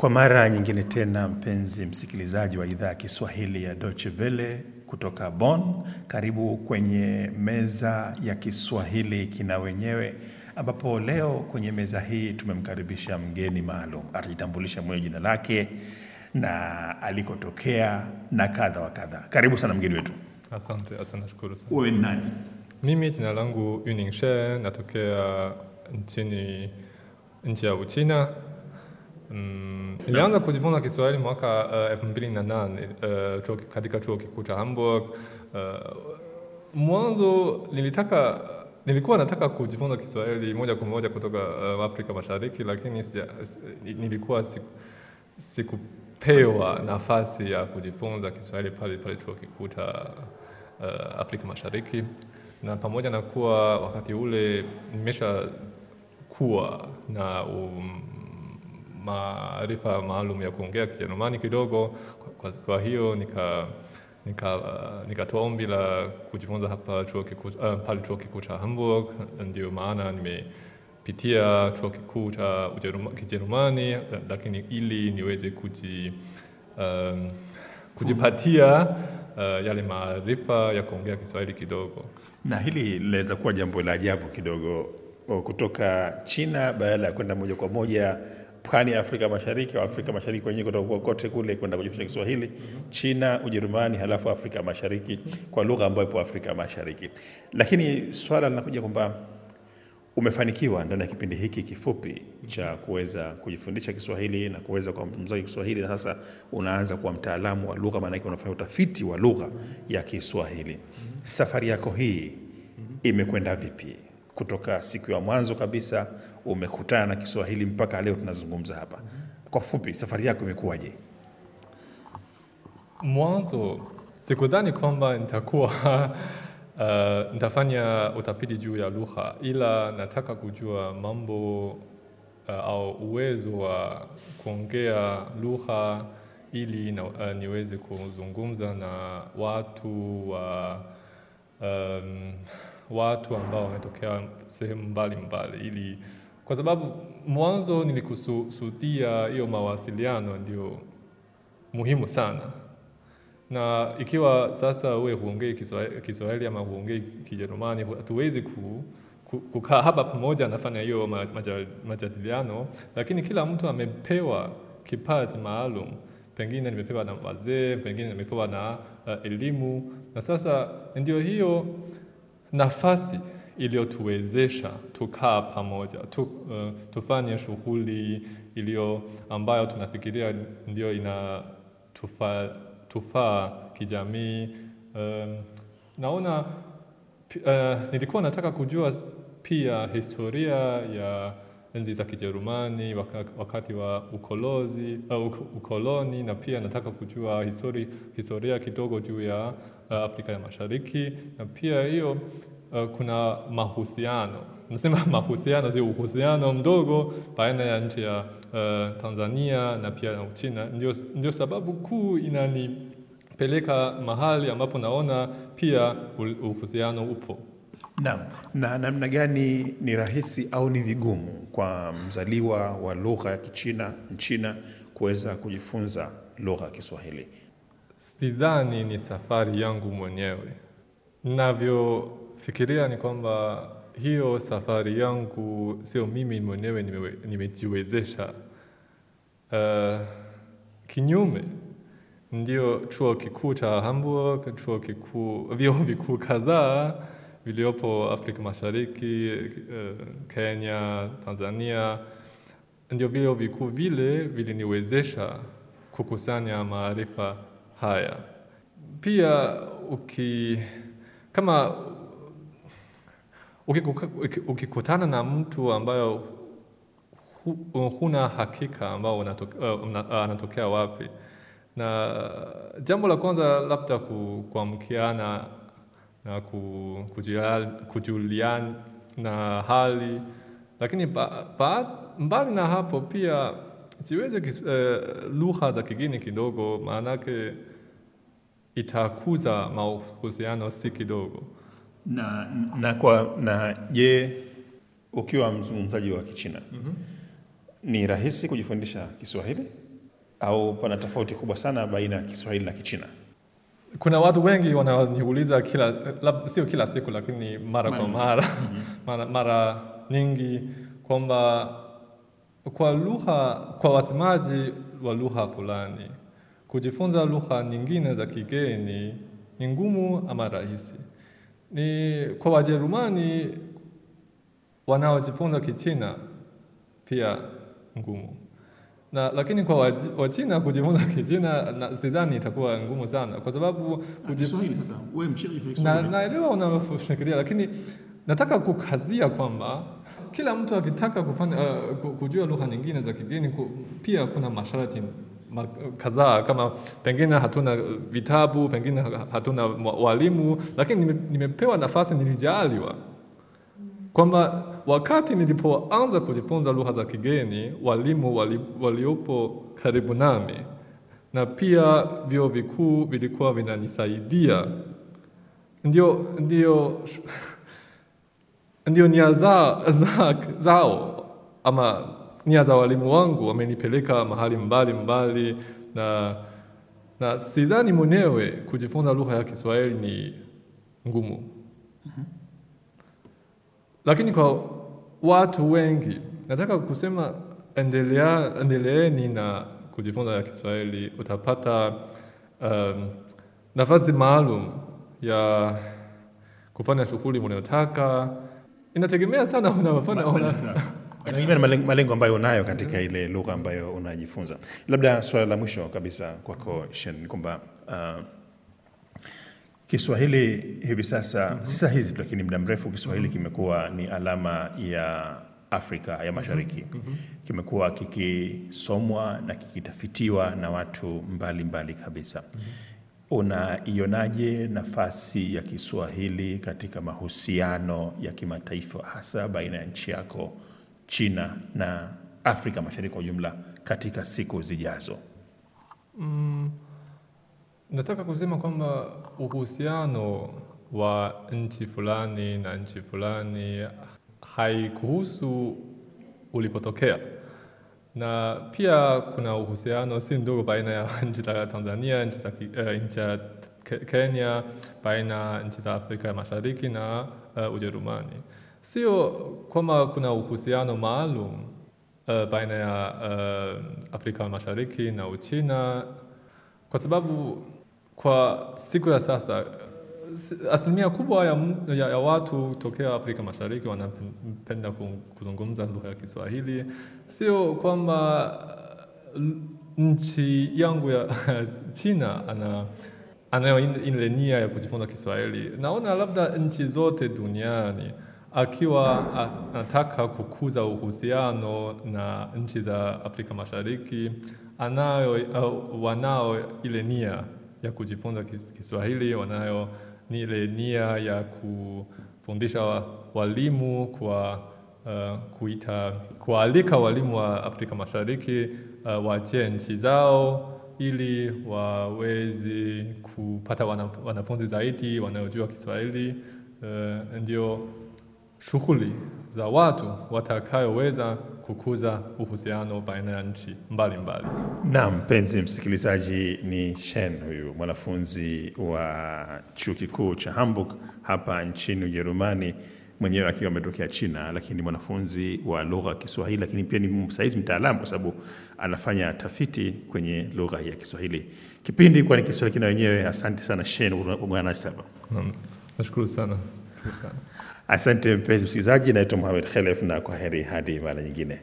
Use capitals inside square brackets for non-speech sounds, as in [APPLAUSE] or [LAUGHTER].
Kwa mara nyingine tena, mpenzi msikilizaji wa idhaa ya Kiswahili ya Deutsche Welle kutoka Bonn, karibu kwenye meza ya Kiswahili kina wenyewe, ambapo leo kwenye meza hii tumemkaribisha mgeni maalum. Atajitambulisha mwenyewe jina lake na alikotokea na kadha wa kadha. Karibu sana mgeni wetu. Asante, asante, nashukuru sana. Wewe nani? Mimi jina langu Yuning natokea nchini nchi ya Uchina Mm, nilianza kujifunza Kiswahili mwaka eh, elfu uh, mbili na nane uh, katika chuo kikuu cha Hamburg. Uh, mwanzo nilitaka nilikuwa nataka kujifunza Kiswahili moja kwa moja kutoka uh, Afrika Mashariki, lakini sija, nilikuwa siku, sikupewa nafasi ya kujifunza Kiswahili pale pale chuo kikuu cha uh, Afrika Mashariki, na pamoja na kuwa wakati ule nimesha kuwa na um, maarifa maalum ya kuongea Kijerumani kidogo. Kwa, kwa hiyo nikatoa nika, nika ombi la kujifunza hapa chuo kiku, uh, eh, pale chuo kikuu cha Hamburg. Ndio maana nimepitia chuo kikuu cha Kijerumani, lakini ili niweze kuji, um, kujipatia Uh, yale maarifa ya kuongea Kiswahili kidogo. Na hili linaweza kuwa jambo la ajabu kidogo kutoka China badala ya kwenda moja kwa moja pwani ya Afrika Mashariki au Afrika Mashariki wenyewe kutoka kote kule kwenda kujifunza Kiswahili China, Ujerumani, halafu Afrika Mashariki kwa lugha ambayo ipo Afrika Mashariki. Lakini swala linakuja kwamba umefanikiwa ndani ya kipindi hiki kifupi cha kuweza kujifundisha Kiswahili na kuweza kuwa mzungumzaji Kiswahili, na sasa unaanza kuwa mtaalamu wa lugha, maanake unafanya utafiti wa lugha ya Kiswahili. Safari yako hii imekwenda vipi? kutoka siku ya mwanzo kabisa umekutana na Kiswahili mpaka leo tunazungumza hapa. Kwa fupi, safari yako imekuwaje? Mwanzo sikudhani kwamba nitakuwa [LAUGHS] uh, nitafanya utafiti juu ya lugha, ila nataka kujua mambo uh, au uwezo wa kuongea lugha ili na, uh, niweze kuzungumza na watu wa um, watu ambao wametokea sehemu mbalimbali, ili kwa sababu mwanzo nilikusudia hiyo mawasiliano ndio muhimu sana, na ikiwa sasa uwe huongei Kiswahili ama huongei Kijerumani, hatuwezi ku kukaa hapa pamoja anafanya hiyo majadiliano, lakini kila mtu amepewa kipaji maalum. Pengine nimepewa na wazee, pengine nimepewa na uh, elimu, na sasa ndio hiyo nafasi iliyotuwezesha tukaa pamoja tu, uh, tufanye shughuli iliyo ambayo tunafikiria ndio ina tufaa tufa kijamii. Uh, naona uh, nilikuwa nataka kujua pia historia ya enzi za Kijerumani wakati wa ukolozi, uh, ukoloni na pia nataka kujua histori, historia kidogo juu ya uh, Afrika ya Mashariki na pia hiyo uh, kuna mahusiano nasema [LAUGHS] mahusiano sio uhusiano mdogo baina ya nchi ya uh, Tanzania na pia na Uchina. Ndio, ndio sababu kuu inanipeleka mahali ambapo naona pia uhusiano upo. Naam, na namna gani ni rahisi au ni vigumu kwa mzaliwa wa lugha ya Kichina Mchina kuweza kujifunza lugha ya Kiswahili? Sidhani ni safari yangu mwenyewe. Ninavyofikiria ni kwamba hiyo safari yangu sio mimi mwenyewe nimejiwezesha. Uh, kinyume ndio chuo kikuu cha Hamburg, chuo kikuu, vyuo vikuu kadhaa iliyopo Afrika Mashariki, eh, Kenya, Tanzania, ndio vyuo vikuu vile viliniwezesha kukusanya maarifa haya. Pia uki, kama ukikutana na mtu ambayo huna hakika ambao eh, anatokea uh, wapi, na jambo la kwanza labda kuamkiana na kujuliana hali, lakini ba, ba, mbali na hapo pia ziweze eh, lugha za kigeni kidogo, maanake itakuza mahusiano si kidogo. Na, na kwa na je, ukiwa mzungumzaji wa Kichina mm -hmm. ni rahisi kujifundisha Kiswahili au pana tofauti kubwa sana baina ya Kiswahili na Kichina? kuna watu wengi wanaoniuliza kila lab, sio kila siku lakini mara kwa mara mm-hmm. [LAUGHS] mara, mara nyingi kwamba kwa lugha kwa wasemaji wa lugha fulani kujifunza lugha nyingine za kigeni ni ngumu ama rahisi. Ni kwa Wajerumani wanaojifunza Kichina pia ngumu na lakini kwa Wachina kujifunza Kichina na sidhani itakuwa ngumu sana, kwa sababu ah, naelewa na unalofikiria, lakini nataka kukazia kwamba kila mtu akitaka kufanya, uh, kujua lugha nyingine za kigeni ku, pia kuna masharti kadhaa kama pengine hatuna vitabu, pengine hatuna walimu, lakini nimepewa nafasi, nilijaliwa kwamba wakati nilipoanza kujifunza lugha za kigeni, walimu wali, waliopo karibu nami na pia vyuo vikuu vilikuwa vinanisaidia. Ndio, ndio, [LAUGHS] ndio nia za, za, zao ama nia za walimu wangu wamenipeleka mahali mbali mbali, na, na sidhani mwenyewe kujifunza lugha ya Kiswahili ni ngumu. mm -hmm. Lakini kwa watu wengi, nataka kusema endelea, endeleeni na kujifunza ya Kiswahili. Utapata um, nafasi maalum ya kufanya shughuli unayotaka. Inategemea sana [LAUGHS] unafanya inategemea na malengo ambayo unayo katika mm-hmm. ile lugha ambayo unajifunza. Labda swala la mwisho kabisa kwako Shen ni kwamba uh, Kiswahili hivi sasa mm -hmm. si saa hizi, lakini muda mrefu Kiswahili mm -hmm. kimekuwa ni alama ya Afrika ya Mashariki mm -hmm. kimekuwa kikisomwa na kikitafitiwa na watu mbalimbali mbali kabisa mm -hmm. unaionaje nafasi ya Kiswahili katika mahusiano ya kimataifa hasa baina ya nchi yako China na Afrika Mashariki kwa ujumla katika siku zijazo? mm. Nataka kusema kwamba uhusiano wa nchi fulani na nchi fulani haikuhusu ulipotokea, na pia kuna uhusiano si ndogo baina ya [LAUGHS] nchi za Tanzania, nchi za eh, Kenya, baina ya nchi za Afrika ya Mashariki na uh, Ujerumani. Sio kwamba kuna uhusiano maalum uh, baina ya uh, Afrika Mashariki na Uchina kwa sababu kwa siku ya sasa asilimia kubwa ya, ya, ya watu tokea Afrika Mashariki wanapenda kuzungumza lugha ya Kiswahili. Sio kwamba uh, nchi yangu ya [LAUGHS] China ana anayo ile nia ya kujifunza Kiswahili. Naona labda nchi zote duniani akiwa anataka kukuza uhusiano na nchi za Afrika Mashariki anayo wanao ile nia ya kujifunza Kiswahili, wanayo ile nia ya kufundisha walimu kwa uh, kuita kualika walimu wa Afrika Mashariki uh, waachie nchi zao ili waweze kupata wanafunzi zaidi wanaojua Kiswahili uh, ndio shughuli za watu watakayoweza kukuza uhusiano baina ya nchi mbalimbali. Naam, mpenzi msikilizaji, ni Shen huyu mwanafunzi wa chuo kikuu cha Hamburg hapa nchini Ujerumani, mwenyewe akiwa ametokea China, lakini mwanafunzi wa lugha ya Kiswahili, lakini pia ni msaizi mtaalamu, kwa sababu anafanya tafiti kwenye lugha ya Kiswahili. Kipindi kwa ni Kiswahili na wenyewe. Asante sana Shen mwana saba. Nashukuru sana, shukuru sana. Asante mpenzi msikilizaji, naitwa Mohamed Khelef na kwa heri hadi mara nyingine.